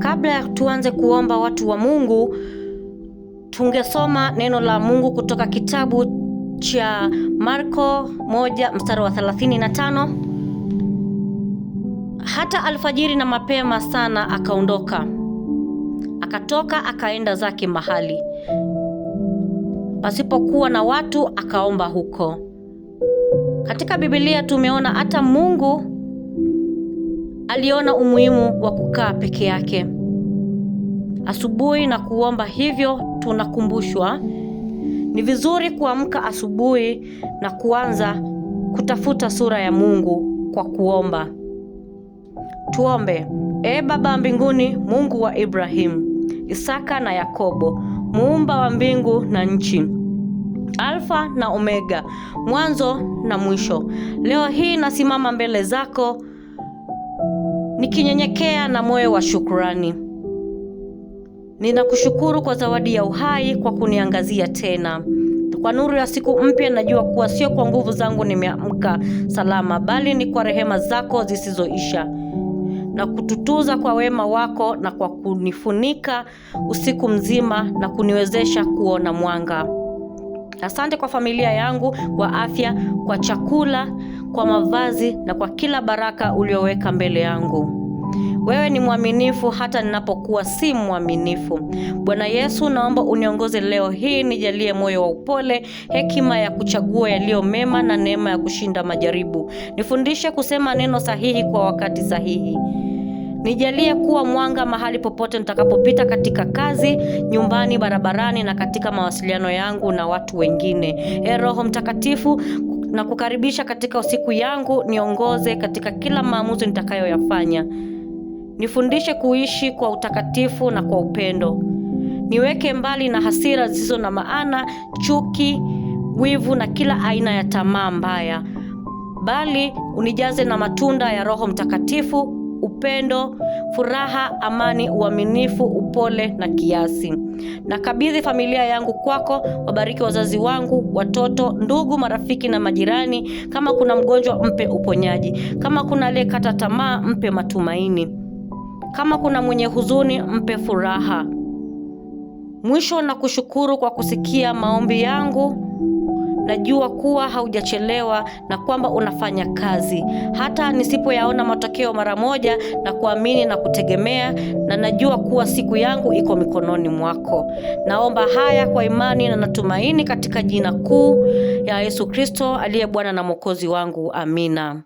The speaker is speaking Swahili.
Kabla ya tuanze kuomba, watu wa Mungu, tungesoma neno la Mungu kutoka kitabu cha Marko 1 mstari wa 35. Hata alfajiri na mapema sana akaondoka, akatoka akaenda zake mahali pasipokuwa na watu, akaomba huko. Katika Biblia tumeona hata Mungu aliona umuhimu wa kukaa peke yake asubuhi na kuomba. Hivyo tunakumbushwa ni vizuri kuamka asubuhi na kuanza kutafuta sura ya Mungu kwa kuomba. Tuombe. e Baba mbinguni, Mungu wa Ibrahimu, Isaka na Yakobo, muumba wa mbingu na nchi, Alfa na Omega, mwanzo na mwisho, leo hii nasimama mbele zako nikinyenyekea na moyo wa shukrani. Ninakushukuru kwa zawadi ya uhai, kwa kuniangazia tena kwa nuru ya siku mpya. Najua kuwa sio kwa nguvu zangu nimeamka salama, bali ni kwa rehema zako zisizoisha na kututuza kwa wema wako, na kwa kunifunika usiku mzima na kuniwezesha kuona mwanga. Asante kwa familia yangu, kwa afya, kwa chakula kwa mavazi na kwa kila baraka ulioweka mbele yangu. Wewe ni mwaminifu hata ninapokuwa si mwaminifu. Bwana Yesu, naomba uniongoze leo hii, nijalie moyo wa upole, hekima ya kuchagua yaliyo mema na neema ya kushinda majaribu. Nifundishe kusema neno sahihi kwa wakati sahihi. Nijalie kuwa mwanga mahali popote nitakapopita, katika kazi, nyumbani, barabarani na katika mawasiliano yangu na watu wengine. Ee Roho Mtakatifu, na kukaribisha katika usiku yangu, niongoze katika kila maamuzi nitakayoyafanya, nifundishe kuishi kwa utakatifu na kwa upendo, niweke mbali na hasira zisizo na maana, chuki, wivu na kila aina ya tamaa mbaya, bali unijaze na matunda ya Roho Mtakatifu upendo, furaha, amani, uaminifu, upole na kiasi. Nakabidhi familia yangu kwako, wabariki wazazi wangu, watoto, ndugu, marafiki na majirani. Kama kuna mgonjwa, mpe uponyaji. Kama kuna aliyekata tamaa, mpe matumaini. Kama kuna mwenye huzuni, mpe furaha. Mwisho, na kushukuru kwa kusikia maombi yangu najua kuwa haujachelewa na kwamba unafanya kazi, hata nisipoyaona matokeo mara moja, na kuamini na kutegemea, na najua kuwa siku yangu iko mikononi mwako. Naomba haya kwa imani na natumaini katika jina kuu ya Yesu Kristo aliye Bwana na Mwokozi wangu. Amina.